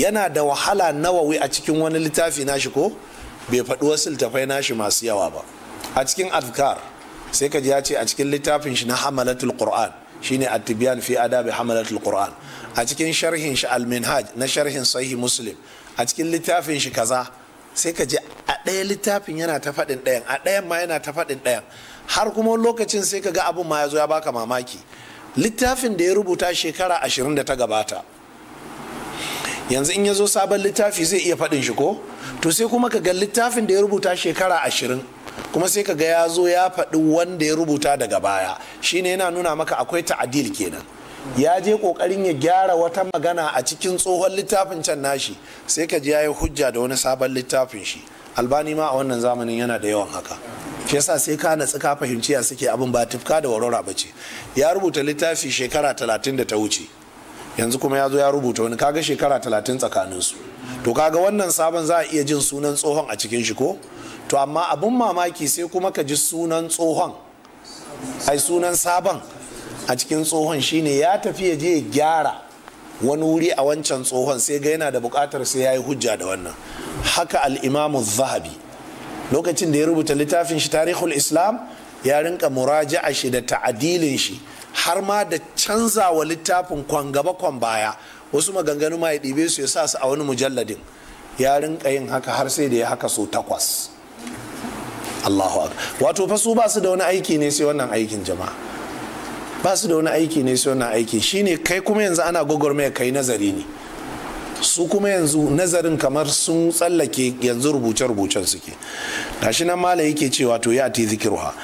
yana da wahala nawawi a cikin wani littafi nashi ko bai faɗi wasu littafai nashi masu yawa ba a cikin adkar sai ka ji ya ce a cikin littafin shi na hamalatul qur'an shine at-tibyan fi adabi hamalatul qur'an a cikin sharhin shi al-minhaj na sharhin sahih muslim a cikin littafin shi kaza sai ka ji a ɗaya littafin yana ta faɗin ɗayan a ɗayan ma yana ta faɗin ɗayan har kuma lokacin sai ka ga abin ma ya zo ya baka mamaki littafin da ya rubuta shekara ashirin da ta gabata yanzu in ya zo sabon littafi zai iya faɗin shi ko to sai kuma ka ga littafin da ya rubuta shekara ashirin kuma sai ka ga ya zo ya faɗi wanda ya rubuta daga baya Shi ne yana nuna maka akwai ta'adil kenan ya je kokarin ya gyara wata magana a cikin tsohon littafin can nashi sai ka ji yayi hujja da wani sabon littafin shi albani ma a wannan zamanin yana da yawan haka shi yasa sai ka natsi ka fahimci ya suke abin ba tufka da warora ba ya rubuta littafi shekara talatin da ta wuce yanzu kuma ya zo ya rubuta wani kaga shekara talatin tsakanin su to kaga wannan sabon za a iya jin sunan tsohon a cikin shi ko to amma abin mamaki sai kuma ka ji sunan tsohon ai sunan sabon a cikin tsohon shine ya tafi ya je ya gyara wani wuri a wancan tsohon sai ga yana da bukatar sai ya yi hujja da wannan haka al'imamu zahabi lokacin da ya rubuta littafin shi tarihul islam ya rinka muraji'a shi da ta'adilin shi har ma da canza wa littafin kwan gaba kwan baya wasu maganganu ma ya ɗibe su ya sa su a wani mujalladin ya rinka yin haka har sai da ya haka so takwas Allahu wato fa su ba su da wani aiki ne sai wannan aikin jama'a ba su da wani aiki ne sai wannan aiki shine kai kuma yanzu ana gwagwarmaya kai nazari ne su kuma yanzu nazarin kamar sun tsallake yanzu rubuce-rubucen suke gashi nan mala yake cewa to ya ti zikirwa